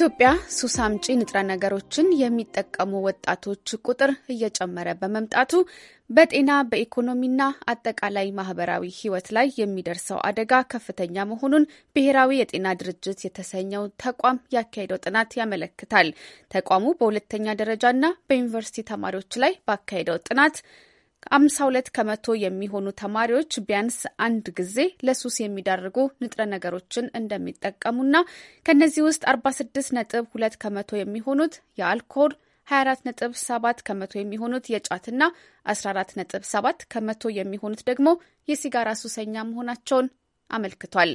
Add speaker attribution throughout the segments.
Speaker 1: በኢትዮጵያ ሱስ አምጪ ንጥረ ነገሮችን የሚጠቀሙ ወጣቶች ቁጥር እየጨመረ በመምጣቱ በጤና በኢኮኖሚና አጠቃላይ ማህበራዊ ሕይወት ላይ የሚደርሰው አደጋ ከፍተኛ መሆኑን ብሔራዊ የጤና ድርጅት የተሰኘው ተቋም ያካሄደው ጥናት ያመለክታል። ተቋሙ በሁለተኛ ደረጃና በዩኒቨርሲቲ ተማሪዎች ላይ ባካሄደው ጥናት አምሳ ሁለት ከመቶ የሚሆኑ ተማሪዎች ቢያንስ አንድ ጊዜ ለሱስ የሚዳርጉ ንጥረ ነገሮችን እንደሚጠቀሙና ከእነዚህ ውስጥ 46 ነጥብ 2 ከመቶ የሚሆኑት የአልኮል 24.7 ከመቶ የሚሆኑት የጫትና 14.7 ከመቶ የሚሆኑት ደግሞ የሲጋራ ሱሰኛ መሆናቸውን አመልክቷል።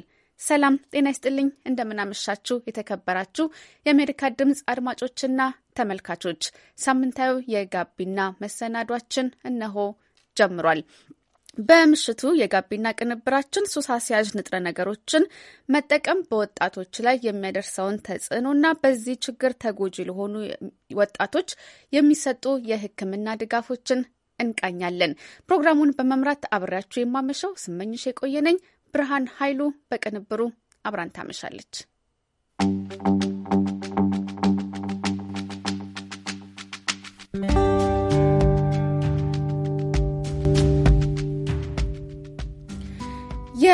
Speaker 1: ሰላም ጤና ይስጥልኝ። እንደምናመሻችሁ የተከበራችሁ የአሜሪካ ድምፅ አድማጮችና ተመልካቾች ሳምንታዊ የጋቢና መሰናዷችን እነሆ ጀምሯል። በምሽቱ የጋቢና ቅንብራችን ሱስ አስያዥ ንጥረ ነገሮችን መጠቀም በወጣቶች ላይ የሚያደርሰውን ተጽዕኖና በዚህ ችግር ተጎጂ ለሆኑ ወጣቶች የሚሰጡ የሕክምና ድጋፎችን እንቃኛለን። ፕሮግራሙን በመምራት አብሬያችሁ የማመሸው ስመኝሽ የቆየነኝ ብርሃን ኃይሉ በቅንብሩ አብራን ታመሻለች።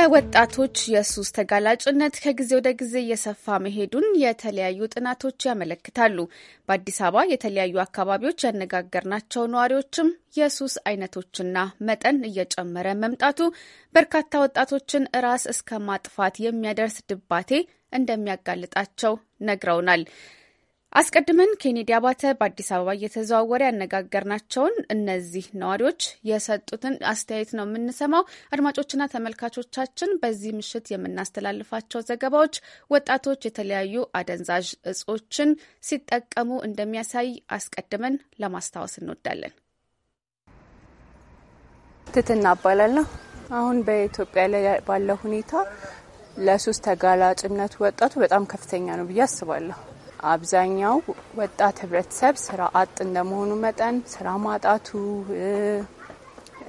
Speaker 1: የወጣቶች የሱስ ተጋላጭነት ከጊዜ ወደ ጊዜ እየሰፋ መሄዱን የተለያዩ ጥናቶች ያመለክታሉ። በአዲስ አበባ የተለያዩ አካባቢዎች ያነጋገርናቸው ነዋሪዎችም የሱስ አይነቶችና መጠን እየጨመረ መምጣቱ በርካታ ወጣቶችን ራስ እስከ ማጥፋት የሚያደርስ ድባቴ እንደሚያጋልጣቸው ነግረውናል። አስቀድመን ኬኔዲ አባተ በአዲስ አበባ እየተዘዋወረ ያነጋገርናቸውን እነዚህ ነዋሪዎች የሰጡትን አስተያየት ነው የምንሰማው። አድማጮችና ተመልካቾቻችን በዚህ ምሽት የምናስተላልፋቸው ዘገባዎች ወጣቶች የተለያዩ አደንዛዥ እጾችን ሲጠቀሙ እንደሚያሳይ አስቀድመን
Speaker 2: ለማስታወስ እንወዳለን። ትትና እባላለሁ። አሁን በኢትዮጵያ ላይ ባለው ሁኔታ ለሱስ ተጋላጭነቱ ወጣቱ በጣም ከፍተኛ ነው ብዬ አስባለሁ። አብዛኛው ወጣት ህብረተሰብ ስራ አጥ እንደመሆኑ መጠን ስራ ማጣቱ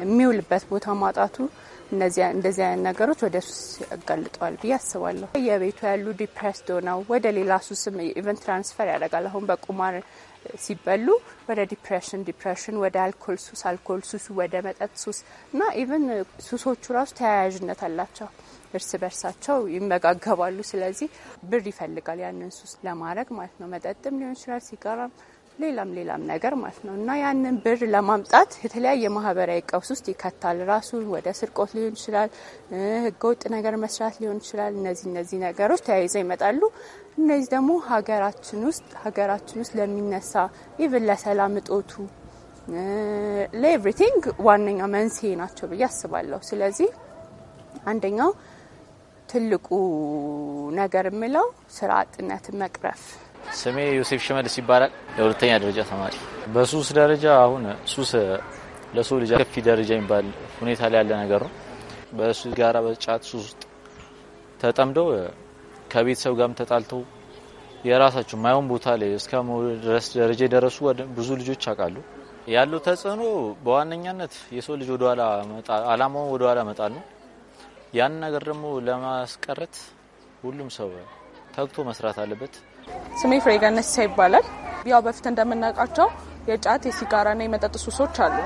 Speaker 2: የሚውልበት ቦታ ማጣቱ እንደዚህ አይነት ነገሮች ወደ ሱስ ያጋልጠዋል ብዬ አስባለሁ። የቤቱ ያሉ ዲፕሬስዶ ነው ወደ ሌላ ሱስም ኢቨን ትራንስፈር ያደርጋል። አሁን በቁማር ሲበሉ ወደ ዲፕሬሽን፣ ዲፕሬሽን ወደ አልኮል ሱስ፣ አልኮል ሱስ ወደ መጠጥ ሱስ እና ኢቨን ሱሶቹ ራሱ ተያያዥነት አላቸው። እርስ በርሳቸው ይመጋገባሉ። ስለዚህ ብር ይፈልጋል ያንን ሱስ ለማድረግ ማለት ነው። መጠጥም ሊሆን ይችላል ሲጋራም ሌላም ሌላም ነገር ማለት ነው እና ያንን ብር ለማምጣት የተለያየ ማህበራዊ ቀውስ ውስጥ ይከታል። ራሱን ወደ ስርቆት ሊሆን ይችላል፣ ህገወጥ ነገር መስራት ሊሆን ይችላል። እነዚህ እነዚህ ነገሮች ተያይዘው ይመጣሉ። እነዚህ ደግሞ ሀገራችን ውስጥ ሀገራችን ውስጥ ለሚነሳ ኢቭን ለሰላም እጦቱ ለኤቭሪቲንግ ዋነኛ መንስኤ ናቸው ብዬ አስባለሁ። ስለዚህ አንደኛው ትልቁ ነገር የምለው ስራ አጥነትን መቅረፍ
Speaker 3: ስሜ ዮሴፍ ሽመልስ ይባላል። የሁለተኛ ደረጃ ተማሪ። በሱስ ደረጃ አሁን ሱስ ለሰው ልጅ ከፊ ደረጃ የሚባል ሁኔታ ላይ ያለ ነገር ነው። በሲጋራ በጫት ሱስ ውስጥ ተጠምደው ከቤተሰብ ጋርም ተጣልተው የራሳቸው ማይሆን ቦታ ላይ እስከ ድረስ ደረጃ የደረሱ ብዙ ልጆች አውቃሉ። ያለው ተጽዕኖ በዋነኛነት የሰው ልጅ ወደኋላ አላማውን ወደኋላ መጣል ነው። ያን ነገር ደግሞ ለማስቀረት ሁሉም ሰው ተግቶ መስራት አለበት።
Speaker 4: ስሜ ፍሬገነሳ ይባላል። ያው በፊት እንደምናውቃቸው የጫት የሲጋራና የመጠጥ ሱሶች አሉ።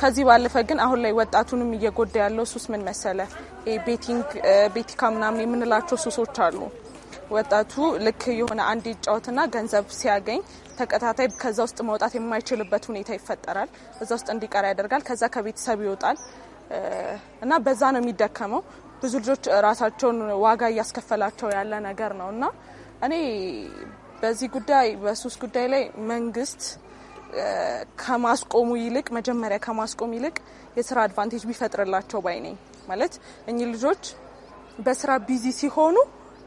Speaker 4: ከዚህ ባለፈ ግን አሁን ላይ ወጣቱንም እየጎዳ ያለው ሱስ ምን መሰለ፣ ቤቲንግ ቤቲካ ምናምን የምንላቸው ሱሶች አሉ። ወጣቱ ልክ የሆነ አንድ ይጫወትና ገንዘብ ሲያገኝ ተከታታይ ከዛ ውስጥ መውጣት የማይችልበት ሁኔታ ይፈጠራል። እዛ ውስጥ እንዲቀራ ያደርጋል። ከዛ ከቤተሰብ ይወጣል እና በዛ ነው የሚደከመው። ብዙ ልጆች ራሳቸውን ዋጋ እያስከፈላቸው ያለ ነገር ነው እና እኔ በዚህ ጉዳይ በሱስ ጉዳይ ላይ መንግስት ከማስቆሙ ይልቅ መጀመሪያ ከማስቆም ይልቅ የስራ አድቫንቴጅ ቢፈጥርላቸው ባይ ነኝ። ማለት እኚህ ልጆች በስራ ቢዚ ሲሆኑ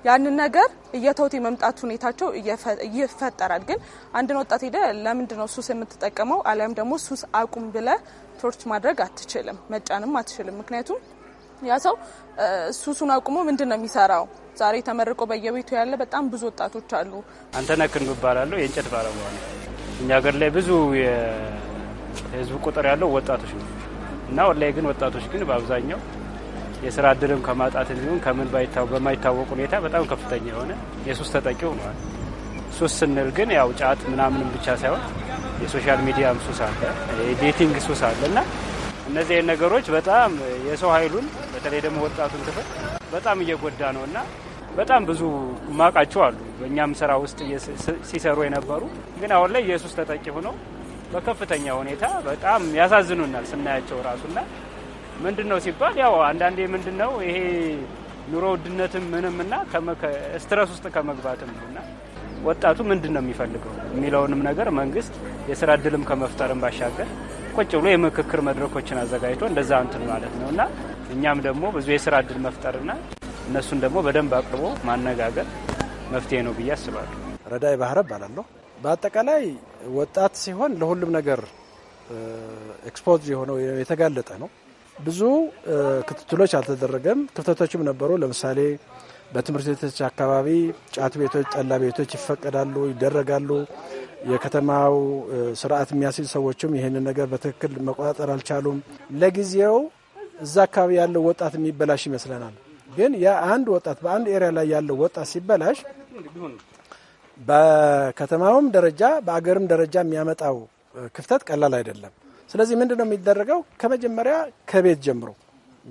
Speaker 4: ያንን ነገር እየተውት የመምጣት ሁኔታቸው ይፈጠራል። ግን አንድን ወጣት ሄደ ለምንድን ነው ሱስ የምትጠቀመው አሊያም ደግሞ ሱስ አቁም ብለ ቶርች ማድረግ አትችልም፣ መጫንም አትችልም። ምክንያቱም ያ ሰው ሱሱን አቁሞ ምንድን ነው የሚሰራው ዛሬ ተመርቆ በየቤቱ ያለ በጣም ብዙ ወጣቶች አሉ።
Speaker 3: አንተነህ ክንዱ እባላለሁ። የእንጨት ባለሙያ ነው። እኛ ሀገር ላይ ብዙ የህዝብ ቁጥር ያለው ወጣቶች ነው እና ወላሂ ግን ወጣቶች ግን በአብዛኛው የስራ እድልም ከማጣት እንዲሁም ከምን በማይታወቅ ሁኔታ በጣም ከፍተኛ የሆነ የሱስ ተጠቂ ሆነዋል። ሱስ ስንል ግን ያው ጫት ምናምንም ብቻ ሳይሆን የሶሻል ሚዲያም ሱስ አለ፣ የዴቲንግ ሱስ አለ እና እነዚህ ነገሮች በጣም የሰው ኃይሉን በተለይ ደግሞ ወጣቱን ክፍል በጣም እየጎዳ ነው እና በጣም ብዙ ማቃቸው አሉ። በእኛም ስራ ውስጥ ሲሰሩ የነበሩ ግን አሁን ላይ ኢየሱስ ተጠቂ ሆነው በከፍተኛ ሁኔታ በጣም ያሳዝኑናል ስናያቸው ራሱና ምንድን ነው ሲባል ያው አንዳንዴ ምንድን ነው ይሄ ኑሮ ውድነትም ምንም ና ስትረስ ውስጥ ከመግባትም ና ወጣቱ ምንድን ነው የሚፈልገው የሚለውንም ነገር መንግስት የስራ እድልም ከመፍጠርም ባሻገር ቁጭ ብሎ የምክክር መድረኮችን አዘጋጅቶ እንደዛ እንትን ማለት ነው እና እኛም ደግሞ ብዙ የስራ እድል መፍጠርና እነሱን ደግሞ በደንብ አቅርቦ ማነጋገር መፍትሄ ነው ብዬ አስባለሁ።
Speaker 5: ረዳይ ባህረ እባላለሁ። በአጠቃላይ ወጣት ሲሆን ለሁሉም ነገር ኤክስፖዝ የሆነው የተጋለጠ ነው። ብዙ ክትትሎች አልተደረገም፣ ክፍተቶችም ነበሩ። ለምሳሌ በትምህርት ቤቶች አካባቢ ጫት ቤቶች፣ ጠላ ቤቶች ይፈቀዳሉ፣ ይደረጋሉ። የከተማው ስርዓት የሚያስይዝ ሰዎችም ይህንን ነገር በትክክል መቆጣጠር አልቻሉም። ለጊዜው እዛ አካባቢ ያለው ወጣት የሚበላሽ ይመስለናል። ግን ያ አንድ ወጣት በአንድ ኤሪያ ላይ ያለው ወጣት ሲበላሽ በከተማውም ደረጃ በአገርም ደረጃ የሚያመጣው ክፍተት ቀላል አይደለም። ስለዚህ ምንድን ነው የሚደረገው? ከመጀመሪያ ከቤት ጀምሮ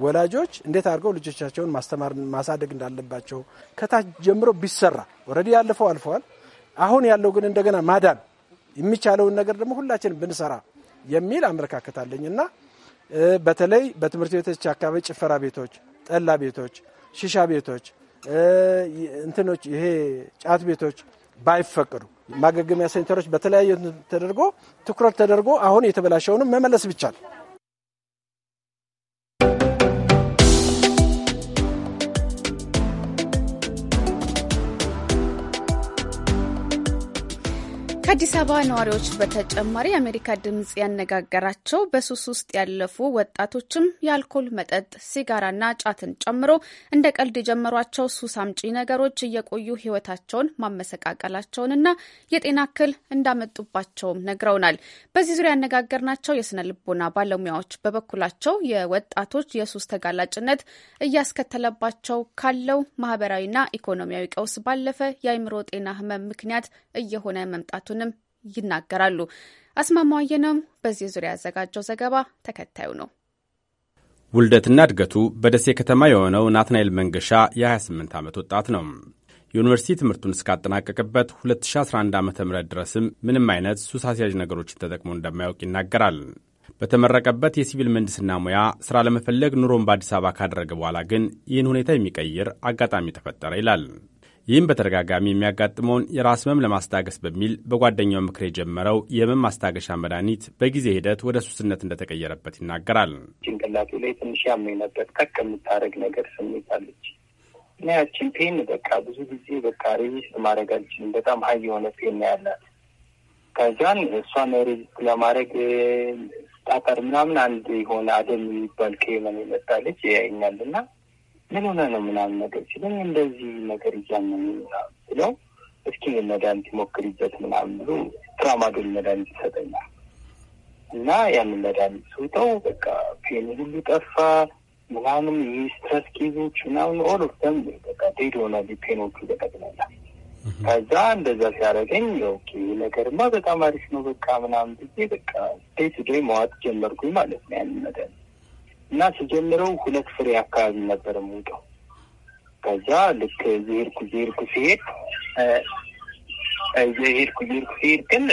Speaker 5: ወላጆች እንዴት አድርገው ልጆቻቸውን ማስተማር ማሳደግ እንዳለባቸው ከታች ጀምሮ ቢሰራ ወረዲ ያለፈው አልፈዋል። አሁን ያለው ግን እንደገና ማዳን የሚቻለውን ነገር ደግሞ ሁላችን ብንሰራ የሚል አመለካከት አለኝ እና በተለይ በትምህርት ቤቶች አካባቢ ጭፈራ ቤቶች ጠላ ቤቶች፣ ሽሻ ቤቶች፣ እንትኖች ይሄ ጫት ቤቶች ባይፈቅዱ ማገገሚያ ሴንተሮች በተለያዩ ተደርጎ ትኩረት ተደርጎ አሁን የተበላሸውንም መመለስ ብቻ
Speaker 1: ከአዲስ አበባ ነዋሪዎች በተጨማሪ የአሜሪካ ድምፅ ያነጋገራቸው በሱስ ውስጥ ያለፉ ወጣቶችም የአልኮል መጠጥ፣ ሲጋራና ጫትን ጨምሮ እንደ ቀልድ የጀመሯቸው ሱስ አምጪ ነገሮች እየቆዩ ሕይወታቸውን ማመሰቃቀላቸውንና የጤና እክል እንዳመጡባቸውም ነግረውናል። በዚህ ዙሪያ ያነጋገርናቸው የስነ ልቦና ባለሙያዎች በበኩላቸው የወጣቶች የሱስ ተጋላጭነት እያስከተለባቸው ካለው ማህበራዊና ኢኮኖሚያዊ ቀውስ ባለፈ የአይምሮ ጤና ህመም ምክንያት እየሆነ መምጣቱን ይናገራሉ። አስማማው አየነው በዚህ ዙሪያ ያዘጋጀው ዘገባ ተከታዩ ነው።
Speaker 6: ውልደትና እድገቱ በደሴ ከተማ የሆነው ናትናኤል መንገሻ የ28 ዓመት ወጣት ነው። የዩኒቨርሲቲ ትምህርቱን እስካጠናቀቅበት 2011 ዓ ም ድረስም ምንም አይነት ሱስ አስያዥ ነገሮችን ተጠቅሞ እንደማያውቅ ይናገራል። በተመረቀበት የሲቪል ምህንድስና ሙያ ሥራ ለመፈለግ ኑሮን በአዲስ አበባ ካደረገ በኋላ ግን ይህን ሁኔታ የሚቀይር አጋጣሚ ተፈጠረ ይላል። ይህም በተደጋጋሚ የሚያጋጥመውን የራስ ህመም ለማስታገስ በሚል በጓደኛው ምክር የጀመረው የህመም ማስታገሻ መድኃኒት በጊዜ ሂደት ወደ ሱስነት እንደተቀየረበት ይናገራል።
Speaker 7: ጭንቅላቱ ላይ ትንሽ ያመኝ ነበር። ጠቅ የምታደርግ ነገር ስሜት አለች እና ያችን ፔን በቃ ብዙ ጊዜ በቃ ሬጅስት ማድረግ አልችልም። በጣም ሀይ የሆነ ፔን ያላት ከዛን እሷን ሬጅስት ለማድረግ ጣጠር ምናምን አንድ የሆነ አደም የሚባል ከየመን የመጣለች ያይኛል እና ምን ሆነ ነው ምናምን ነገር ሲለኝ እንደዚህ ነገር እያመመኝ ምናምን ብለው እስኪ መድኃኒት ሞክሪበት ምናምን ብሎ ትራማዶል መድኃኒት ይሰጠኛል እና ያንን መድኃኒት ስውጠው በቃ ፔን ሁሉ ጠፋ ምናምን የስትረስ ኬዞች ምናምን ኦል ኦፍ ደም በቃ ዴድ ሆነ ፔኖቹ ተጠቅመላል። ከዛ እንደዛ ሲያደርገኝ ኦኬ ነገርማ በጣም አሪፍ ነው በቃ ምናምን ብዬ በቃ ዴይ ቱ ዴይ መዋጥ ጀመርኩኝ ማለት ነው ያንን መድኃኒት እና ስጀምረው ሁለት ፍሬ አካባቢ ነበር የምውጠው። ከዛ ልክ ዜርኩ ዜርኩ ሲሄድ ዜርኩ ዜርኩ ሲሄድ ግን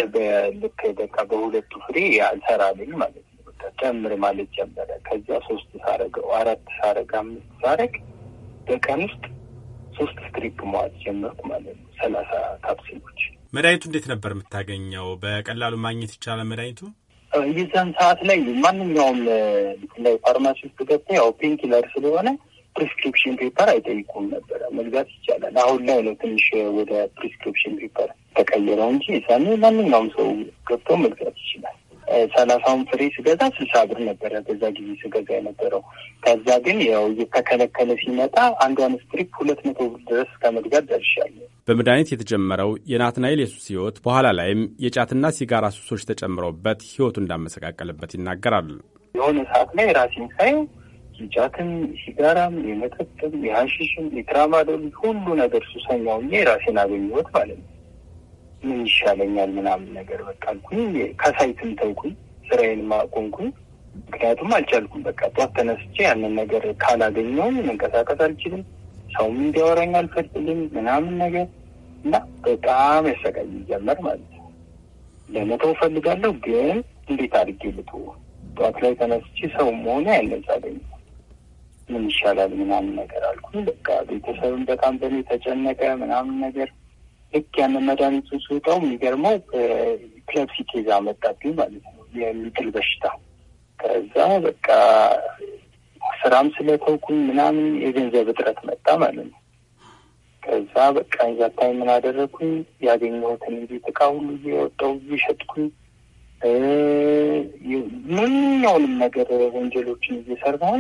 Speaker 7: ልክ በቃ በሁለቱ ፍሬ አልሰራልኝ ማለት ነው። ጨምር ማለት ጀመረ። ከዛ ሶስት ሳረገው አራት ሳረግ አምስት ሳረግ በቀን ውስጥ ሶስት ስትሪፕ መዋጥ ጀመርኩ ማለት ነው። ሰላሳ ካፕሲሎች።
Speaker 6: መድኃኒቱ እንዴት ነበር የምታገኘው? በቀላሉ ማግኘት ይቻላል መድኃኒቱ
Speaker 7: ይዘን ሰዓት ላይ ማንኛውም ላይ ፋርማሲ ውስጥ ገብተህ ያው ፔንኪለር ስለሆነ ፕሪስክሪፕሽን ፔፐር አይጠይቁም ነበረ። መግዛት ይቻላል። አሁን ላይ ነው ትንሽ ወደ ፕሪስክሪፕሽን ፔፐር ተቀየረው እንጂ ሰኔ ማንኛውም ሰው ገብተው መግዛት ይችላል። ሰላሳውን ፍሬ ስገዛ ስልሳ ብር ነበረ በዛ ጊዜ ስገዛ የነበረው። ከዛ ግን ያው እየተከለከለ ሲመጣ አንዷን ስትሪፕ ሁለት መቶ ብር ድረስ ከመግዛት ደርሻለሁ።
Speaker 6: በመድኃኒት የተጀመረው የናትናኤል የሱስ ህይወት በኋላ ላይም የጫትና ሲጋራ ሱሶች ተጨምረውበት ህይወቱ እንዳመሰቃቀልበት ይናገራል።
Speaker 7: የሆነ ሰዓት ላይ ራሴን ሳይ የጫትም፣ ሲጋራም፣ የመጠጥም፣ የሀሽሽም፣ የትራማዶል ሁሉ ነገር ሱሰኛው ራሴን አገኘሁት ማለት ነው። ምን ይሻለኛል ምናምን ነገር በቃ አልኩኝ። ከሳይትም ተውኩኝ፣ ስራዬን ማቆንኩኝ። ምክንያቱም አልቻልኩም። በቃ ጧት ተነስቼ ያንን ነገር ካላገኘውም መንቀሳቀስ አልችልም። ሰውም እንዲያወራኝ አልፈልግም ምናምን ነገር እና በጣም ያሰቃይ ጀመር ማለት ነው። ለመተው ፈልጋለሁ ግን እንዴት አድርጌ ልተው? ጧት ላይ ተነስቼ ሰው ሆነ ያነጻ አገኘ ምን ይሻላል ምናምን ነገር አልኩኝ። በቃ ቤተሰብም በጣም በእኔ ተጨነቀ ምናምን ነገር ልክ ያንን መድኃኒቱን ስወጣው የሚገርመው ክለብሲቴዛ መጣብኝ ማለት ነው፣ የሚጥል በሽታ። ከዛ በቃ ስራም ስለተውኩኝ ምናምን የገንዘብ እጥረት መጣ ማለት ነው። ከዛ በቃ ዛታይ ምን አደረግኩኝ? ያገኘሁትን ቤት እቃ ሁሉ እየወጣሁ እየሸጥኩኝ ማንኛውንም ነገር ወንጀሎችን እየሰራሁ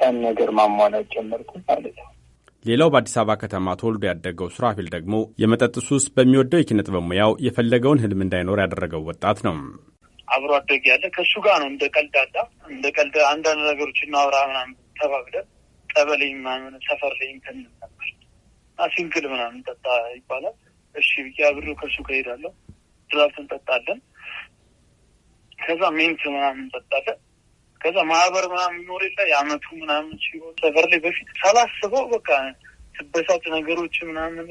Speaker 7: ያን ነገር ማሟላት ጀመርኩኝ ማለት ነው።
Speaker 6: ሌላው በአዲስ አበባ ከተማ ተወልዶ ያደገው ሱራፊል ደግሞ የመጠጥ ሱስ በሚወደው የኪነ ጥበብ ሙያው የፈለገውን ህልም እንዳይኖር ያደረገው ወጣት ነው።
Speaker 7: አብሮ አደግ ያለ ከእሱ ጋር ነው እንደ ቀልድ አላ እንደ ቀልድ አንዳንድ ነገሮች እናውራ ምናምን ተባብለን ጠበለኝ ምናምን ሰፈር ላይ እንትን ነበር
Speaker 3: ሲንክል ምናምን
Speaker 7: ጠጣ ይባላል። እሺ ብዬ አብሬው ከእሱ ጋር እሄዳለሁ። ድራፍት እንጠጣለን። ከዛ ሜንት ምናምን እንጠጣለን። ከዛ ማህበር ምናምን ኖር የለ የአመቱ ምናምን ሲሆን ሰፈር ላይ በፊት ሳላስበው በቃ ስበሳጭ ነገሮች ምናምን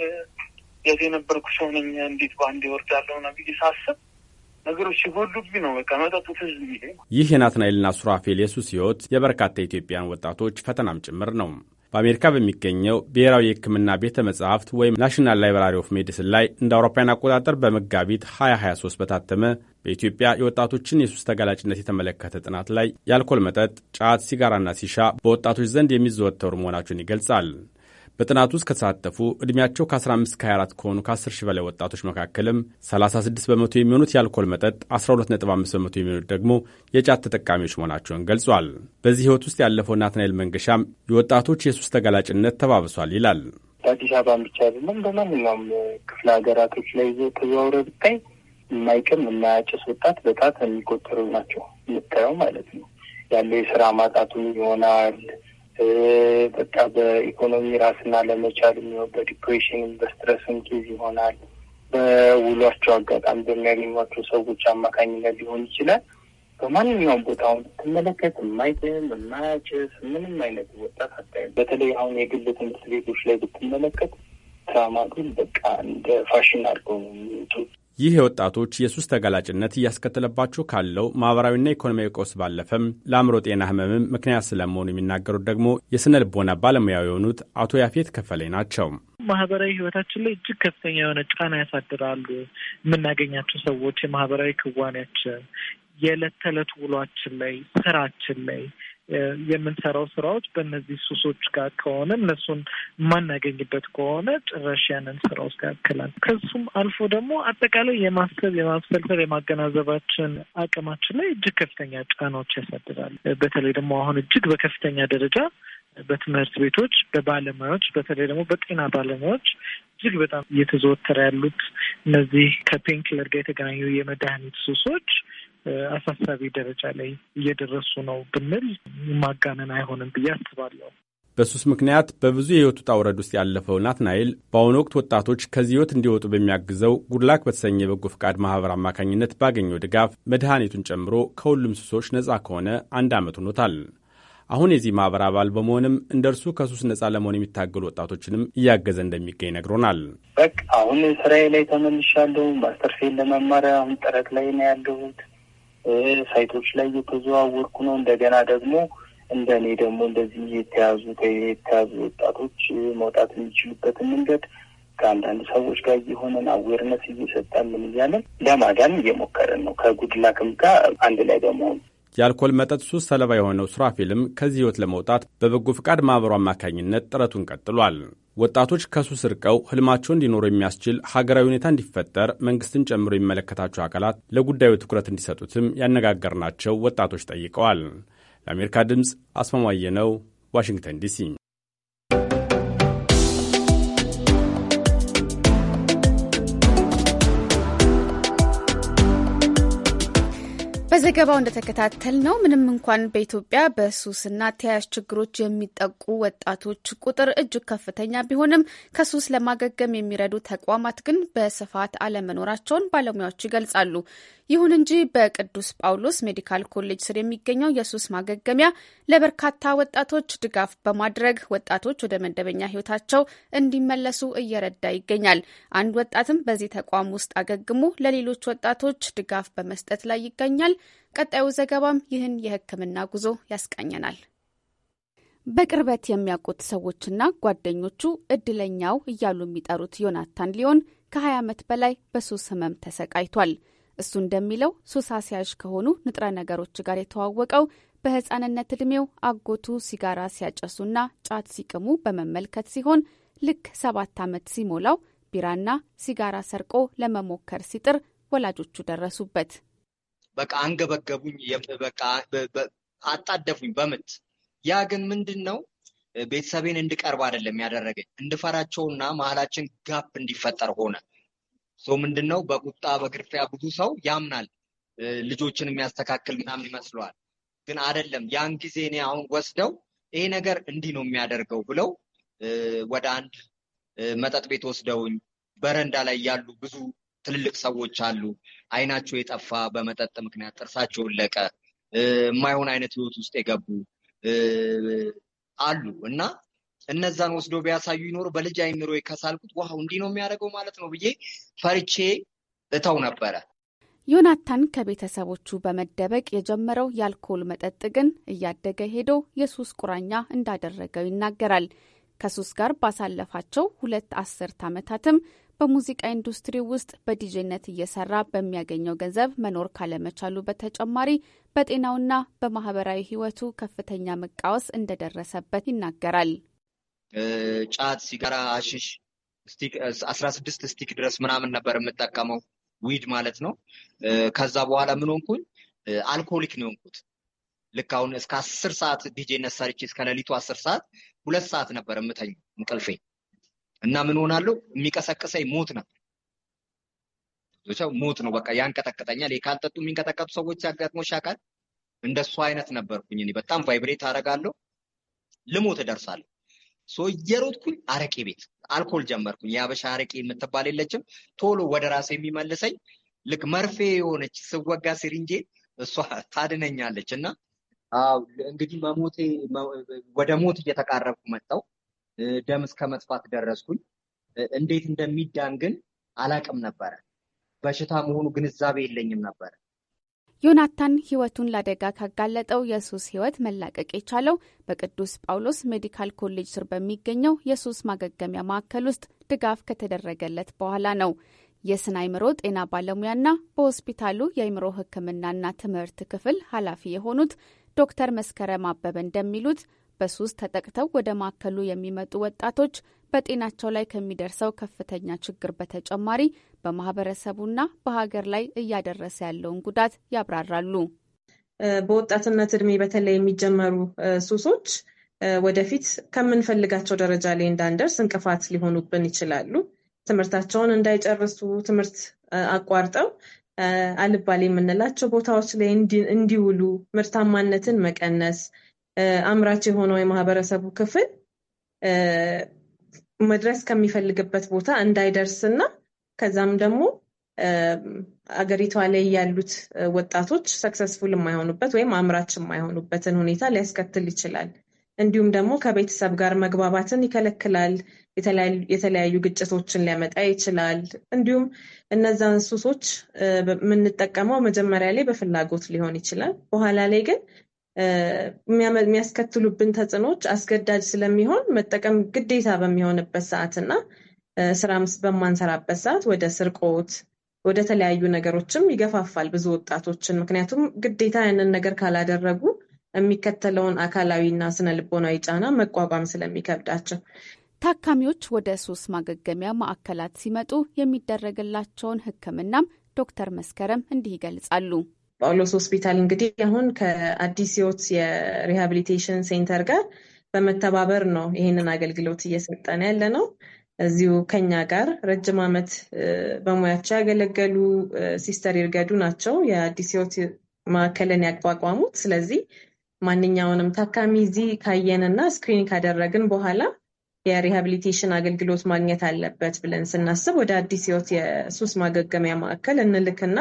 Speaker 7: የዚህ የነበርኩ ሰው ነኝ። እንዴት በአንድ ይወርዳለሁ ና ብዬ ሳስብ ነገሮች ሲጎዱብኝ ነው በቃ መጠጡ ትዝ የሚለኝ።
Speaker 6: ይህ የናትናኤልና ሱራፌል የሱስ ህይወት የበርካታ ኢትዮጵያን ወጣቶች ፈተናም ጭምር ነው። በአሜሪካ በሚገኘው ብሔራዊ የሕክምና ቤተ መጻሕፍት ወይም ናሽናል ላይብራሪ ኦፍ ሜዲስን ላይ እንደ አውሮፓውያን አቆጣጠር በመጋቢት 2023 በታተመ በኢትዮጵያ የወጣቶችን የሱስ ተጋላጭነት የተመለከተ ጥናት ላይ የአልኮል መጠጥ፣ ጫት፣ ሲጋራና ሲሻ በወጣቶች ዘንድ የሚዘወተሩ መሆናቸውን ይገልጻል። በጥናቱ ውስጥ ከተሳተፉ ዕድሜያቸው ከ15 24 ከሆኑ ከ10 ሺህ በላይ ወጣቶች መካከልም 36 በመቶ የሚሆኑት የአልኮል መጠጥ፣ 12.5 በመቶ የሚሆኑት ደግሞ የጫት ተጠቃሚዎች መሆናቸውን ገልጿል። በዚህ ህይወት ውስጥ ያለፈው ናትናኤል መንገሻም የወጣቶች የሱስ ተጋላጭነት ተባብሷል ይላል።
Speaker 7: በአዲስ አበባ ብቻ አይደለም፣ በማንኛውም ክፍለ ሀገራቶች ላይ ተዘዋውረ ብታይ የማይቅም የማያጭስ ወጣት በጣት የሚቆጠሩ ናቸው የምታየው ማለት ነው። ያለው የስራ ማጣቱ ይሆናል በቃ በኢኮኖሚ ለመቻል አለመቻል በዲፕሬሽንም በስትረስም ኬዝ ይሆናል። በውሏቸው አጋጣሚ በሚያገኟቸው ሰዎች አማካኝነት ሊሆን ይችላል። በማንኛውም ቦታውን ብትመለከት የማይድም የማያጭስ ምንም አይነት ወጣት አታይም። በተለይ አሁን የግል ትምህርት ቤቶች ላይ ብትመለከት ትራማዱን በቃ እንደ ፋሽን አድርገው የሚወጡት
Speaker 6: ይህ የወጣቶች የሱስ ተጋላጭነት እያስከተለባቸው ካለው ማኅበራዊና ኢኮኖሚያዊ ቀውስ ባለፈም ለአእምሮ ጤና ህመምም ምክንያት ስለመሆኑ የሚናገሩት ደግሞ የስነ ልቦና ባለሙያ የሆኑት አቶ ያፌት ከፈለኝ ናቸው።
Speaker 3: ማህበራዊ ህይወታችን
Speaker 7: ላይ እጅግ ከፍተኛ የሆነ ጫና ያሳድራሉ። የምናገኛቸው ሰዎች፣ የማህበራዊ ክዋኔያችን፣ የዕለት ተዕለት ውሏችን ላይ፣ ስራችን ላይ የምንሰራው ስራዎች በእነዚህ ሱሶች ጋር ከሆነ እነሱን የማናገኝበት ከሆነ ጭራሽ ያንን ስራ ውስጥ ያክላል። ከሱም አልፎ ደግሞ አጠቃላይ የማሰብ የማስፈልፈል የማገናዘባችን አቅማችን ላይ እጅግ ከፍተኛ ጫናዎች ያሳድራል። በተለይ ደግሞ አሁን እጅግ በከፍተኛ ደረጃ በትምህርት ቤቶች፣ በባለሙያዎች በተለይ ደግሞ በጤና ባለሙያዎች እጅግ በጣም እየተዘወተረ ያሉት እነዚህ ከፔንክለር ጋር የተገናኙ የመድኃኒት ሱሶች አሳሳቢ ደረጃ ላይ እየደረሱ ነው ብንል ማጋነን አይሆንም ብዬ አስባለሁ።
Speaker 6: በሱስ ምክንያት በብዙ የህይወት ውጣ ውረድ ውስጥ ያለፈው ናትናኤል በአሁኑ ወቅት ወጣቶች ከዚህ ህይወት እንዲወጡ በሚያግዘው ጉድላክ በተሰኘ በጎ ፈቃድ ማህበር አማካኝነት ባገኘው ድጋፍ መድኃኒቱን ጨምሮ ከሁሉም ሱሶች ነፃ ከሆነ አንድ ዓመት ሆኖታል። አሁን የዚህ ማህበር አባል በመሆንም እንደ እርሱ ከሱስ ነጻ ለመሆን የሚታገሉ ወጣቶችንም እያገዘ እንደሚገኝ ነግሮናል።
Speaker 7: በቃ አሁን ስራዬ ላይ ተመልሻለሁ። ማስተርፌን ለመማር አሁን ጥረት ላይ ነው ያለሁት። ሳይቶች ላይ እየተዘዋወርኩ ነው። እንደገና ደግሞ እንደ እኔ ደግሞ እንደዚህ የተያዙ የተያዙ ወጣቶች መውጣት የሚችሉበትን መንገድ ከአንዳንድ ሰዎች ጋር እየሆነን አዌርነት እየሰጣን ምን እያለን ለማዳን እየሞከረን ነው ከጉድላክም ጋር አንድ ላይ በመሆን
Speaker 6: የአልኮል መጠጥ ሱስ ሰለባ የሆነው ሱራፌልም ከዚህ ሕይወት ለመውጣት በበጎ ፈቃድ ማኅበሩ አማካኝነት ጥረቱን ቀጥሏል። ወጣቶች ከሱስ ርቀው ህልማቸው እንዲኖሩ የሚያስችል ሀገራዊ ሁኔታ እንዲፈጠር መንግስትን ጨምሮ የሚመለከታቸው አካላት ለጉዳዩ ትኩረት እንዲሰጡትም ያነጋገርናቸው ወጣቶች ጠይቀዋል። ለአሜሪካ ድምፅ አስማማየ ነው፣ ዋሽንግተን ዲሲ
Speaker 1: ዘገባው እንደተከታተል ነው። ምንም እንኳን በኢትዮጵያ በሱስና ተያያዥ ችግሮች የሚጠቁ ወጣቶች ቁጥር እጅግ ከፍተኛ ቢሆንም ከሱስ ለማገገም የሚረዱ ተቋማት ግን በስፋት አለመኖራቸውን ባለሙያዎች ይገልጻሉ። ይሁን እንጂ በቅዱስ ጳውሎስ ሜዲካል ኮሌጅ ስር የሚገኘው የሱስ ማገገሚያ ለበርካታ ወጣቶች ድጋፍ በማድረግ ወጣቶች ወደ መደበኛ ሕይወታቸው እንዲመለሱ እየረዳ ይገኛል። አንድ ወጣትም በዚህ ተቋም ውስጥ አገግሞ ለሌሎች ወጣቶች ድጋፍ በመስጠት ላይ ይገኛል። ቀጣዩ ዘገባም ይህን የሕክምና ጉዞ ያስቃኘናል። በቅርበት የሚያውቁት ሰዎችና ጓደኞቹ እድለኛው እያሉ የሚጠሩት ዮናታን ሊሆን ከ20 ዓመት በላይ በሱስ ህመም ተሰቃይቷል። እሱ እንደሚለው ሱስ አስያዥ ከሆኑ ንጥረ ነገሮች ጋር የተዋወቀው በህፃንነት ዕድሜው አጎቱ ሲጋራ ሲያጨሱና ጫት ሲቅሙ በመመልከት ሲሆን ልክ ሰባት ዓመት ሲሞላው ቢራና ሲጋራ ሰርቆ ለመሞከር ሲጥር ወላጆቹ ደረሱበት።
Speaker 8: በቃ አንገበገቡኝ፣ አጣደፉኝ በምት ያ ግን ምንድን ነው ቤተሰቤን እንድቀርብ አይደለም ያደረገኝ፣ እንድፈራቸውና መሀላችን ጋፕ እንዲፈጠር ሆነ። ሰው ምንድን ነው በቁጣ በግርፊያ ብዙ ሰው ያምናል፣ ልጆችን የሚያስተካክል ምናምን ይመስለዋል። ግን አይደለም። ያን ጊዜ እኔ አሁን ወስደው ይሄ ነገር እንዲህ ነው የሚያደርገው ብለው ወደ አንድ መጠጥ ቤት ወስደውኝ በረንዳ ላይ ያሉ ብዙ ትልልቅ ሰዎች አሉ። አይናቸው የጠፋ በመጠጥ ምክንያት ጥርሳቸውን ለቀ የማይሆን አይነት ህይወት ውስጥ የገቡ አሉ እና እነዛን ወስዶ ቢያሳዩ ይኖሩ በልጅ አይምሮ ከሳልኩት ውሃው እንዲህ ነው የሚያደርገው ማለት ነው ብዬ ፈርቼ እተው ነበረ።
Speaker 1: ዮናታን ከቤተሰቦቹ በመደበቅ የጀመረው የአልኮል መጠጥ ግን እያደገ ሄዶ የሱስ ቁራኛ እንዳደረገው ይናገራል። ከሱስ ጋር ባሳለፋቸው ሁለት አስርት ዓመታትም በሙዚቃ ኢንዱስትሪ ውስጥ በዲጄነት እየሰራ በሚያገኘው ገንዘብ መኖር ካለመቻሉ በተጨማሪ በጤናውና በማህበራዊ ሕይወቱ ከፍተኛ መቃወስ እንደደረሰበት ይናገራል።
Speaker 8: ጫት፣ ሲጋራ፣ አሽሽ አስራ ስድስት ስቲክ ድረስ ምናምን ነበር የምጠቀመው ዊድ ማለት ነው። ከዛ በኋላ ምን ሆንኩኝ? አልኮሊክ ነው ሆንኩት። ልክ አሁን እስከ አስር ሰዓት ዲጄ ነሳሪች እስከ ሌሊቱ አስር ሰዓት ሁለት ሰዓት ነበር የምተኝ እንቅልፌ እና ምን ሆናለሁ የሚቀሰቅሰኝ ሞት ነበር ሞት ነው በቃ ያንቀጠቅጠኛል። ካልጠጡ የሚንቀጠቀጡ ሰዎች ሲያጋጥሞሽ ያውቃል። እንደሱ አይነት ነበርኩኝ በጣም ቫይብሬት አደርጋለሁ። ልሞት እደርሳለሁ። እየሮጥኩኝ አረቄ ቤት አልኮል ጀመርኩኝ። የአበሻ አረቄ የምትባል የለችም። ቶሎ ወደ ራሴ የሚመልሰኝ ልክ መርፌ የሆነች ስወጋ ሲሪንጄ እሷ ታድነኛለች። እና እንግዲህ መሞቴ ወደ ሞት እየተቃረብኩ መጣው ደም እስከ መጥፋት ደረስኩኝ። እንዴት እንደሚዳን ግን አላቅም ነበረ። በሽታ መሆኑ ግንዛቤ የለኝም ነበረ።
Speaker 1: ዮናታን ህይወቱን ለአደጋ ካጋለጠው የሱስ ህይወት መላቀቅ የቻለው በቅዱስ ጳውሎስ ሜዲካል ኮሌጅ ስር በሚገኘው የሱስ ማገገሚያ ማዕከል ውስጥ ድጋፍ ከተደረገለት በኋላ ነው። የስነ አይምሮ ጤና ባለሙያና በሆስፒታሉ የአይምሮ ህክምናና ትምህርት ክፍል ኃላፊ የሆኑት ዶክተር መስከረም አበበ እንደሚሉት በሱስ ተጠቅተው ወደ ማዕከሉ የሚመጡ ወጣቶች በጤናቸው ላይ ከሚደርሰው ከፍተኛ ችግር በተጨማሪ በማህበረሰቡና በሀገር ላይ እያደረሰ ያለውን ጉዳት
Speaker 9: ያብራራሉ። በወጣትነት እድሜ በተለይ የሚጀመሩ ሱሶች ወደፊት ከምንፈልጋቸው ደረጃ ላይ እንዳንደርስ እንቅፋት ሊሆኑብን ይችላሉ። ትምህርታቸውን እንዳይጨርሱ ትምህርት አቋርጠው አልባሌ የምንላቸው ቦታዎች ላይ እንዲውሉ፣ ምርታማነትን መቀነስ፣ አምራች የሆነው የማህበረሰቡ ክፍል መድረስ ከሚፈልግበት ቦታ እንዳይደርስ እና ከዛም ደግሞ አገሪቷ ላይ ያሉት ወጣቶች ሰክሰስፉል የማይሆኑበት ወይም አምራች የማይሆኑበትን ሁኔታ ሊያስከትል ይችላል። እንዲሁም ደግሞ ከቤተሰብ ጋር መግባባትን ይከለክላል። የተለያዩ ግጭቶችን ሊያመጣ ይችላል። እንዲሁም እነዛን ሱሶች የምንጠቀመው መጀመሪያ ላይ በፍላጎት ሊሆን ይችላል። በኋላ ላይ ግን የሚያስከትሉብን ተጽዕኖዎች አስገዳጅ ስለሚሆን መጠቀም ግዴታ በሚሆንበት ሰዓት እና ስራ በማንሰራበት ሰዓት ወደ ስርቆት፣ ወደ ተለያዩ ነገሮችም ይገፋፋል ብዙ ወጣቶችን። ምክንያቱም ግዴታ ያንን ነገር ካላደረጉ የሚከተለውን አካላዊና ስነ ልቦናዊ ጫና መቋቋም ስለሚከብዳቸው ታካሚዎች ወደ ሱስ ማገገሚያ ማዕከላት
Speaker 1: ሲመጡ የሚደረግላቸውን ሕክምናም ዶክተር መስከረም እንዲህ ይገልጻሉ።
Speaker 9: ጳውሎስ ሆስፒታል እንግዲህ አሁን ከአዲስ ህይወት የሪሃብሊቴሽን ሴንተር ጋር በመተባበር ነው ይህንን አገልግሎት እየሰጠን ያለ ነው። እዚሁ ከኛ ጋር ረጅም ዓመት በሙያቸው ያገለገሉ ሲስተር ይርገዱ ናቸው የአዲስ ህይወት ማዕከልን ያቋቋሙት። ስለዚህ ማንኛውንም ታካሚ እዚህ ካየንና ስክሪን ካደረግን በኋላ የሪሃብሊቴሽን አገልግሎት ማግኘት አለበት ብለን ስናስብ ወደ አዲስ ህይወት የሱስ ማገገሚያ ማዕከል እንልክና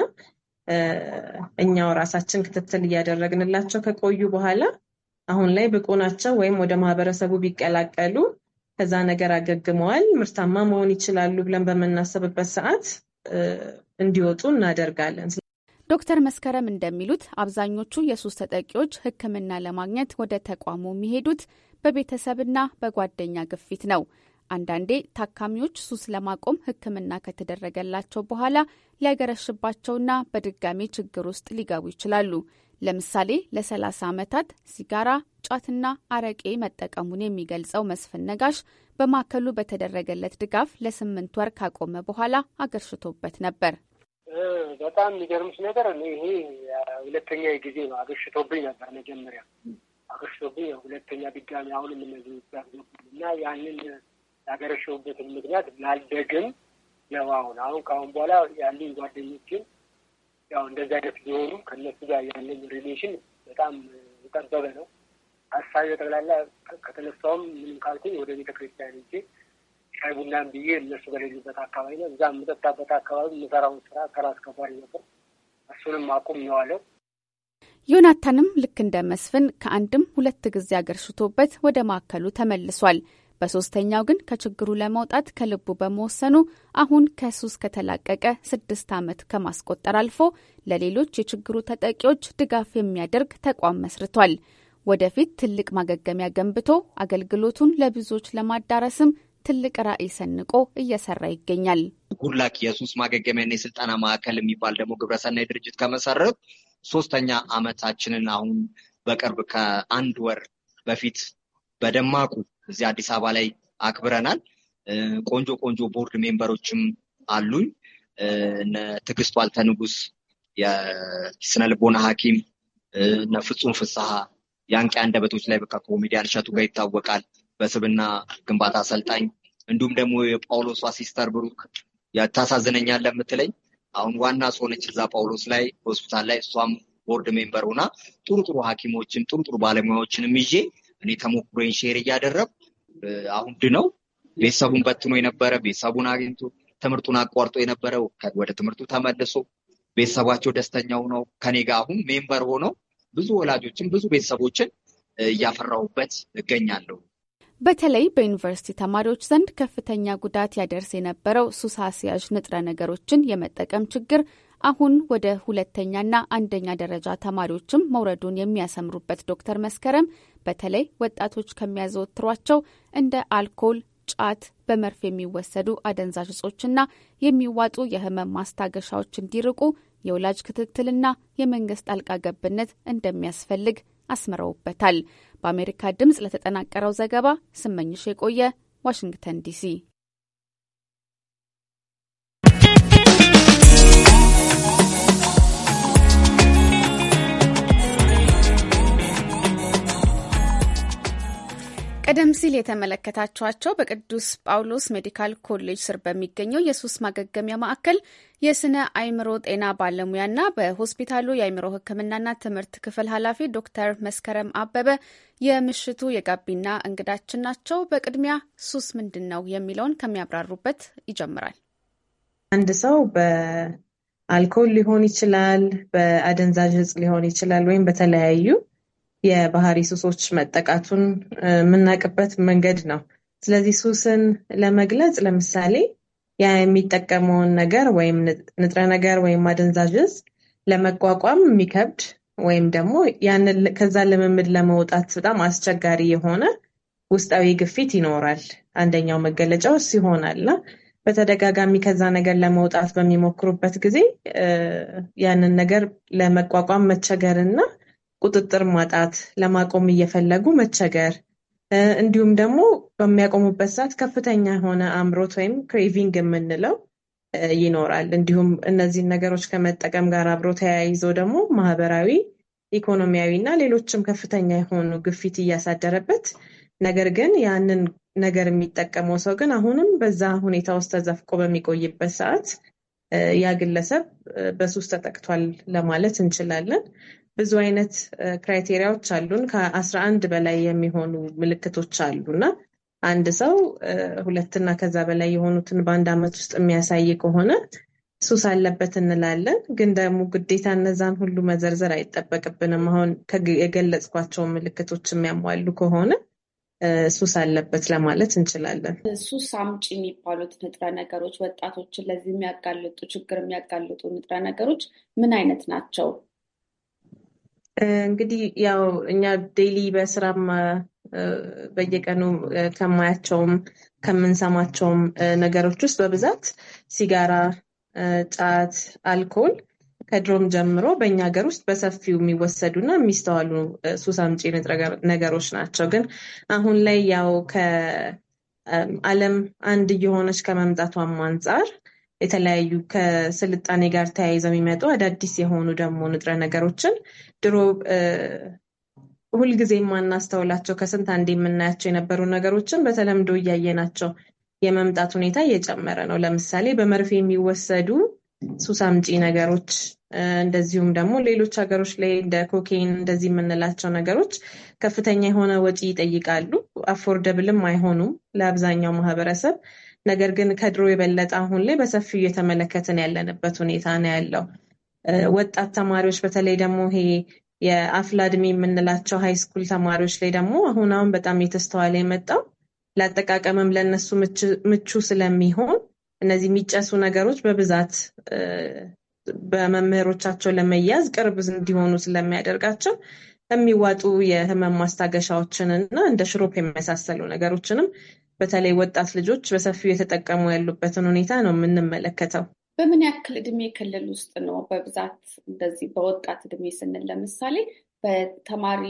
Speaker 9: እኛው ራሳችን ክትትል እያደረግንላቸው ከቆዩ በኋላ አሁን ላይ ብቁ ናቸው ወይም ወደ ማህበረሰቡ ቢቀላቀሉ ከዛ ነገር አገግመዋል፣ ምርታማ መሆን ይችላሉ ብለን በምናስብበት ሰዓት እንዲወጡ እናደርጋለን። ዶክተር መስከረም
Speaker 1: እንደሚሉት አብዛኞቹ የሱስ ተጠቂዎች ሕክምና ለማግኘት ወደ ተቋሙ የሚሄዱት በቤተሰብና በጓደኛ ግፊት ነው። አንዳንዴ ታካሚዎች ሱስ ለማቆም ሕክምና ከተደረገላቸው በኋላ ሊያገረሽባቸውና በድጋሚ ችግር ውስጥ ሊገቡ ይችላሉ። ለምሳሌ ለ30 ዓመታት ሲጋራ፣ ጫትና አረቄ መጠቀሙን የሚገልጸው መስፍን ነጋሽ በማዕከሉ በተደረገለት ድጋፍ ለስምንት ወር ካቆመ በኋላ አገርሽቶበት ነበር።
Speaker 3: በጣም የሚገርምሽ ነገር ይሄ
Speaker 7: ሁለተኛ ጊዜ ነው። አገርሽቶብኝ ነበር መጀመሪያ አገርሽቶብኝ፣ ሁለተኛ ድጋሚ አሁንም እነዚህ እና ያንን ያገረሸሁበትን ምክንያት ላልደግም ያው አሁን አሁን ከአሁን በኋላ ያሉኝ ጓደኞችን ያው እንደዚህ አይነት ቢሆኑ ከነሱ ጋር ያለኝ ሪሌሽን በጣም የጠበበ ነው። ሀሳቢ በጠቅላላ ከተነሳውም ምንም ካልኩኝ ወደ ቤተክርስቲያን እንጂ ሻይ ቡናን ብዬ እነሱ በሌሉበት አካባቢ ነው። እዛ የምጠጣበት አካባቢ የምሰራውን ስራ ከራ አስከባሪ ነበር። እሱንም አቁም ነዋለው።
Speaker 1: ዮናታንም ልክ እንደ መስፍን ከአንድም ሁለት ጊዜ አገርሽቶበት ወደ ማዕከሉ ተመልሷል። በሶስተኛው ግን ከችግሩ ለመውጣት ከልቡ በመወሰኑ አሁን ከሱስ ከተላቀቀ ስድስት ዓመት ከማስቆጠር አልፎ ለሌሎች የችግሩ ተጠቂዎች ድጋፍ የሚያደርግ ተቋም መስርቷል። ወደፊት ትልቅ ማገገሚያ ገንብቶ አገልግሎቱን ለብዙዎች ለማዳረስም ትልቅ ራዕይ ሰንቆ እየሰራ ይገኛል።
Speaker 8: ጉላክ የሱስ ማገገሚያና የስልጠና ማዕከል የሚባል ደግሞ ግብረሰናይ ድርጅት ከመሰረት ሶስተኛ ዓመታችንን አሁን በቅርብ ከአንድ ወር በፊት በደማቁ እዚህ አዲስ አበባ ላይ አክብረናል። ቆንጆ ቆንጆ ቦርድ ሜምበሮችም አሉኝ። እነ ትዕግስት ዋልተ ንጉስ የስነ ልቦና ሐኪም እነ ፍጹም ፍስሐ የአንቂ አንደበቶች ላይ በቃ ኮሜዲያን እሸቱ ጋር ይታወቃል፣ በስብና ግንባታ አሰልጣኝ። እንዲሁም ደግሞ የጳውሎሷ ሲስተር ብሩክ ታሳዝነኛለህ ለምትለኝ አሁን ዋና ሰሆነች እዛ ጳውሎስ ላይ ሆስፒታል ላይ እሷም ቦርድ ሜምበር ሆና ጥሩ ጥሩ ሐኪሞችን ጥሩ ጥሩ ባለሙያዎችንም ይዤ እኔ ተሞክሮዬን ሼር እያደረኩ አሁን ድነው ቤተሰቡን በትኖ የነበረ ቤተሰቡን አግኝቶ ትምህርቱን አቋርጦ የነበረው ወደ ትምህርቱ ተመልሶ ቤተሰባቸው ደስተኛው ነው ከኔ ጋር አሁን ሜምበር ሆነው ብዙ ወላጆችን ብዙ ቤተሰቦችን እያፈራሁበት እገኛለሁ።
Speaker 1: በተለይ በዩኒቨርሲቲ ተማሪዎች ዘንድ ከፍተኛ ጉዳት ያደርስ የነበረው ሱስ አስያዥ ንጥረ ነገሮችን የመጠቀም ችግር አሁን ወደ ሁለተኛና አንደኛ ደረጃ ተማሪዎችም መውረዱን የሚያሰምሩበት ዶክተር መስከረም በተለይ ወጣቶች ከሚያዘወትሯቸው እንደ አልኮል፣ ጫት፣ በመርፍ የሚወሰዱ አደንዛዥ እጾችና የሚዋጡ የህመም ማስታገሻዎች እንዲርቁ የወላጅ ክትትልና የመንግስት ጣልቃ ገብነት እንደሚያስፈልግ አስምረውበታል። በአሜሪካ ድምፅ ለተጠናቀረው ዘገባ ስመኝሽ የቆየ ዋሽንግተን ዲሲ ቀደም ሲል የተመለከታችኋቸው በቅዱስ ጳውሎስ ሜዲካል ኮሌጅ ስር በሚገኘው የሱስ ማገገሚያ ማዕከል የስነ አእምሮ ጤና ባለሙያና በሆስፒታሉ የአይምሮ ሕክምናና ትምህርት ክፍል ኃላፊ ዶክተር መስከረም አበበ የምሽቱ የጋቢና እንግዳችን ናቸው። በቅድሚያ ሱስ ምንድን ነው የሚለውን ከሚያብራሩበት ይጀምራል።
Speaker 9: አንድ ሰው በአልኮል ሊሆን ይችላል፣ በአደንዛዥ እጽ ሊሆን ይችላል፣ ወይም በተለያዩ የባህሪ ሱሶች መጠቃቱን የምናውቅበት መንገድ ነው። ስለዚህ ሱስን ለመግለጽ ለምሳሌ ያ የሚጠቀመውን ነገር ወይም ንጥረ ነገር ወይም አደንዛዥዝ ለመቋቋም የሚከብድ ወይም ደግሞ ያን ከዛ ልምምድ ለመውጣት በጣም አስቸጋሪ የሆነ ውስጣዊ ግፊት ይኖራል። አንደኛው መገለጫው ይሆናል እና በተደጋጋሚ ከዛ ነገር ለመውጣት በሚሞክሩበት ጊዜ ያንን ነገር ለመቋቋም መቸገርና። ቁጥጥር ማጣት፣ ለማቆም እየፈለጉ መቸገር እንዲሁም ደግሞ በሚያቆሙበት ሰዓት ከፍተኛ የሆነ አምሮት ወይም ክሬቪንግ የምንለው ይኖራል። እንዲሁም እነዚህን ነገሮች ከመጠቀም ጋር አብሮ ተያይዞ ደግሞ ማህበራዊ፣ ኢኮኖሚያዊ እና ሌሎችም ከፍተኛ የሆኑ ግፊት እያሳደረበት ነገር ግን ያንን ነገር የሚጠቀመው ሰው ግን አሁንም በዛ ሁኔታ ውስጥ ተዘፍቆ በሚቆይበት ሰዓት ያ ግለሰብ በሱስ ተጠቅቷል ለማለት እንችላለን። ብዙ አይነት ክራይቴሪያዎች አሉን። ከአስራ አንድ በላይ የሚሆኑ ምልክቶች አሉና አንድ ሰው ሁለትና ከዛ በላይ የሆኑትን በአንድ ዓመት ውስጥ የሚያሳይ ከሆነ ሱስ አለበት እንላለን። ግን ደግሞ ግዴታ እነዛን ሁሉ መዘርዘር አይጠበቅብንም። አሁን የገለጽኳቸውን ምልክቶች የሚያሟሉ ከሆነ ሱስ አለበት ለማለት እንችላለን።
Speaker 1: ሱስ አምጪ የሚባሉት ንጥረ ነገሮች ወጣቶችን ለዚህ የሚያጋልጡ ችግር የሚያጋልጡ ንጥረ ነገሮች ምን አይነት ናቸው?
Speaker 9: እንግዲህ ያው እኛ ዴይሊ በስራም በየቀኑ ከማያቸውም ከምንሰማቸውም ነገሮች ውስጥ በብዛት ሲጋራ፣ ጫት፣ አልኮል ከድሮም ጀምሮ በእኛ ሀገር ውስጥ በሰፊው የሚወሰዱ እና የሚስተዋሉ ሱስ አምጪ ነገሮች ናቸው። ግን አሁን ላይ ያው ከዓለም አንድ እየሆነች ከመምጣቷም አንጻር የተለያዩ ከስልጣኔ ጋር ተያይዘው የሚመጡ አዳዲስ የሆኑ ደግሞ ንጥረ ነገሮችን ድሮ ሁልጊዜ የማናስተውላቸው ከስንት አንድ የምናያቸው የነበሩ ነገሮችን በተለምዶ እያየናቸው የመምጣት ሁኔታ እየጨመረ ነው። ለምሳሌ በመርፌ የሚወሰዱ ሱስ አምጪ ነገሮች እንደዚሁም ደግሞ ሌሎች ሀገሮች ላይ እንደ ኮኬን እንደዚህ የምንላቸው ነገሮች ከፍተኛ የሆነ ወጪ ይጠይቃሉ። አፎርደብልም አይሆኑም ለአብዛኛው ማህበረሰብ። ነገር ግን ከድሮ የበለጠ አሁን ላይ በሰፊው እየተመለከትን ያለንበት ሁኔታ ነው ያለው። ወጣት ተማሪዎች በተለይ ደግሞ ይሄ የአፍላ እድሜ የምንላቸው ሃይስኩል ተማሪዎች ላይ ደግሞ አሁን አሁን በጣም የተስተዋለ የመጣው ለአጠቃቀምም ለእነሱ ምቹ ስለሚሆን እነዚህ የሚጨሱ ነገሮች በብዛት በመምህሮቻቸው ለመያዝ ቅርብ እንዲሆኑ ስለሚያደርጋቸው የሚዋጡ የህመም ማስታገሻዎችን እና እንደ ሽሮፕ የመሳሰሉ ነገሮችንም በተለይ ወጣት ልጆች በሰፊው የተጠቀሙ ያሉበትን ሁኔታ ነው የምንመለከተው።
Speaker 1: በምን ያክል እድሜ ክልል ውስጥ ነው በብዛት እንደዚህ? በወጣት እድሜ ስንል ለምሳሌ በተማሪ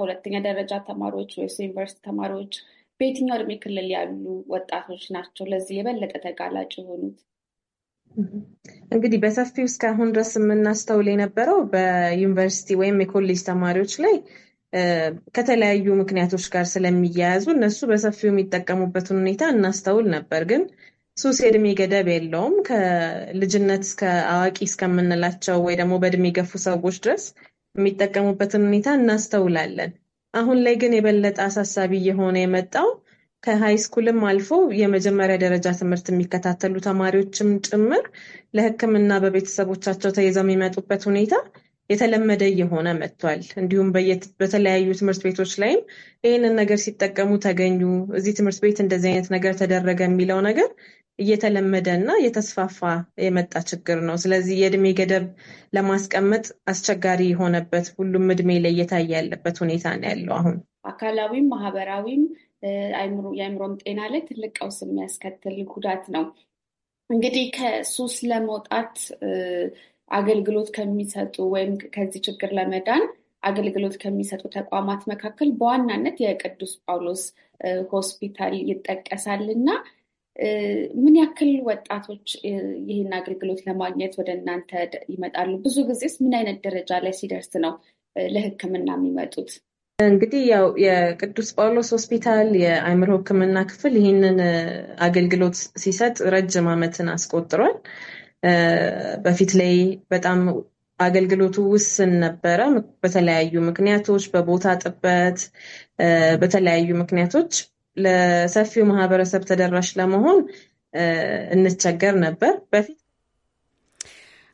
Speaker 1: ሁለተኛ ደረጃ ተማሪዎች ወይስ ዩኒቨርሲቲ ተማሪዎች በየትኛው እድሜ ክልል ያሉ ወጣቶች ናቸው ለዚህ የበለጠ ተጋላጭ የሆኑት?
Speaker 9: እንግዲህ በሰፊው እስካሁን ድረስ የምናስተውል የነበረው በዩኒቨርሲቲ ወይም የኮሌጅ ተማሪዎች ላይ ከተለያዩ ምክንያቶች ጋር ስለሚያያዙ እነሱ በሰፊው የሚጠቀሙበትን ሁኔታ እናስተውል ነበር። ግን ሱስ የእድሜ ገደብ የለውም። ከልጅነት እስከ አዋቂ እስከምንላቸው ወይ ደግሞ በእድሜ ገፉ ሰዎች ድረስ የሚጠቀሙበትን ሁኔታ እናስተውላለን። አሁን ላይ ግን የበለጠ አሳሳቢ እየሆነ የመጣው ከሃይ ስኩልም አልፎ የመጀመሪያ ደረጃ ትምህርት የሚከታተሉ ተማሪዎችም ጭምር ለሕክምና በቤተሰቦቻቸው ተይዘው የሚመጡበት ሁኔታ የተለመደ እየሆነ መጥቷል። እንዲሁም በተለያዩ ትምህርት ቤቶች ላይም ይህንን ነገር ሲጠቀሙ ተገኙ፣ እዚህ ትምህርት ቤት እንደዚህ አይነት ነገር ተደረገ የሚለው ነገር እየተለመደ እና እየተስፋፋ የመጣ ችግር ነው። ስለዚህ የእድሜ ገደብ ለማስቀመጥ አስቸጋሪ የሆነበት ሁሉም እድሜ ላይ እየታየ ያለበት ሁኔታ ነው ያለው። አሁን
Speaker 1: አካላዊም ማህበራዊም የአእምሮም ጤና ላይ ትልቅ ቀውስ የሚያስከትል ጉዳት ነው። እንግዲህ ከሱስ ለመውጣት አገልግሎት ከሚሰጡ ወይም ከዚህ ችግር ለመዳን አገልግሎት ከሚሰጡ ተቋማት መካከል በዋናነት የቅዱስ ጳውሎስ ሆስፒታል ይጠቀሳል እና ምን ያክል ወጣቶች ይህን አገልግሎት ለማግኘት ወደ እናንተ ይመጣሉ? ብዙ ጊዜስ ምን አይነት ደረጃ ላይ ሲደርስ ነው ለሕክምና የሚመጡት?
Speaker 9: እንግዲህ ያው የቅዱስ ጳውሎስ ሆስፒታል የአእምሮ ሕክምና ክፍል ይህንን አገልግሎት ሲሰጥ ረጅም ዓመትን አስቆጥሯል። በፊት ላይ በጣም አገልግሎቱ ውስን ነበረ። በተለያዩ ምክንያቶች በቦታ ጥበት፣ በተለያዩ ምክንያቶች ለሰፊው ማህበረሰብ ተደራሽ ለመሆን እንቸገር ነበር በፊት።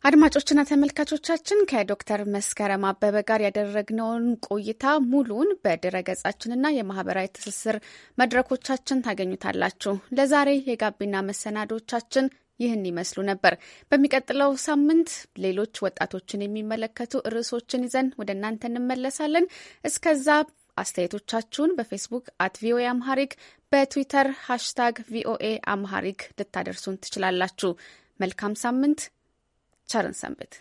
Speaker 1: አድማጮችና ተመልካቾቻችን ከዶክተር መስከረም አበበ ጋር ያደረግነውን ቆይታ ሙሉን በድረገጻችንና የማህበራዊ ትስስር መድረኮቻችን ታገኙታላችሁ። ለዛሬ የጋቢና መሰናዶቻችን ይህን ይመስሉ ነበር። በሚቀጥለው ሳምንት ሌሎች ወጣቶችን የሚመለከቱ ርዕሶችን ይዘን ወደ እናንተ እንመለሳለን። እስከዛ አስተያየቶቻችሁን በፌስቡክ አት ቪኦኤ አምሃሪክ፣ በትዊተር ሃሽታግ ቪኦኤ አምሃሪክ ልታደርሱን ትችላላችሁ። መልካም ሳምንት፣ ቸርን ሰንብት።